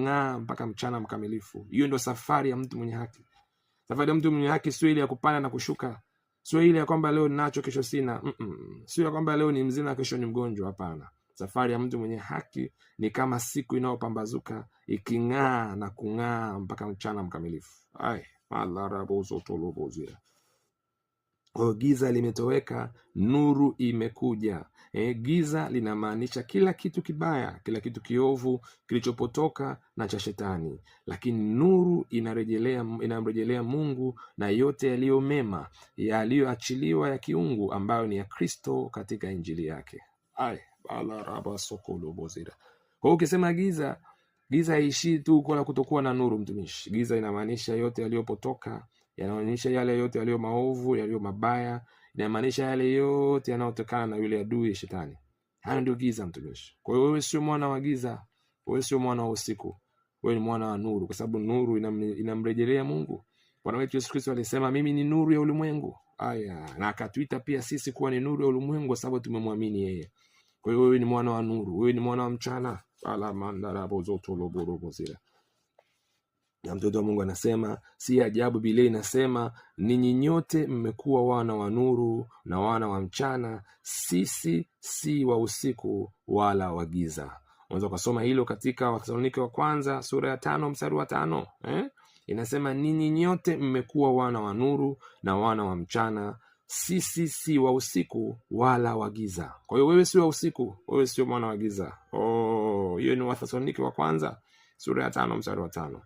kung'aa mpaka mchana mkamilifu. Hiyo ndio safari ya mtu mwenye haki. Safari ya mtu mwenye haki sio ile ya kupanda na kushuka, sio ile ya kwamba leo ninacho kesho sina. mm -mm. Sio ya kwamba leo ni mzima kesho ni mgonjwa. Hapana, safari ya mtu mwenye haki ni kama siku inayopambazuka iking'aa na kung'aa mpaka mchana mkamilifu. Ay, O, giza limetoweka, nuru imekuja. E, giza linamaanisha kila kitu kibaya, kila kitu kiovu kilichopotoka na cha Shetani, lakini nuru inarejelea inamrejelea Mungu na yote yaliyo mema yaliyoachiliwa ya kiungu ambayo ni ya Kristo katika injili yake. Kwa ukisema giza, giza haishii tu kwa kutokuwa na nuru, mtumishi. Giza inamaanisha yote yaliyopotoka yanaonyesha yale yote yaliyo maovu yaliyo mabaya inamaanisha yale yote yanayotokana na yule adui ya shetani hayo ndio giza mtumishi kwa hiyo wewe sio mwana wa giza wewe sio mwana wa usiku wewe ni mwana wa nuru kwa sababu nuru inamrejelea mungu bwana wetu yesu kristo alisema mimi ni nuru ya ulimwengu aya na akatuita pia sisi kuwa ni nuru ya ulimwengu kwa sababu tumemwamini yeye kwa hiyo wewe ni mwana wa nuru wewe ni mwana wa mchana alamandarabozotoloborobozira ya mtoto wa Mungu anasema, si ajabu Biblia inasema, ninyi nyote mmekuwa wana wa nuru na wana wa mchana, sisi si wa usiku wala wa giza. Unaweza ukasoma hilo katika Wathesalonike wa kwanza sura ya tano mstari wa tano eh? Inasema, ninyi nyote mmekuwa wana wa nuru na wana wa mchana sisi si wa usiku wala wa giza. Kwa hiyo wewe si wa usiku, wewe sio mwana wa giza. Oh, hiyo ni Wathesalonike wa kwanza sura ya tano mstari wa tano.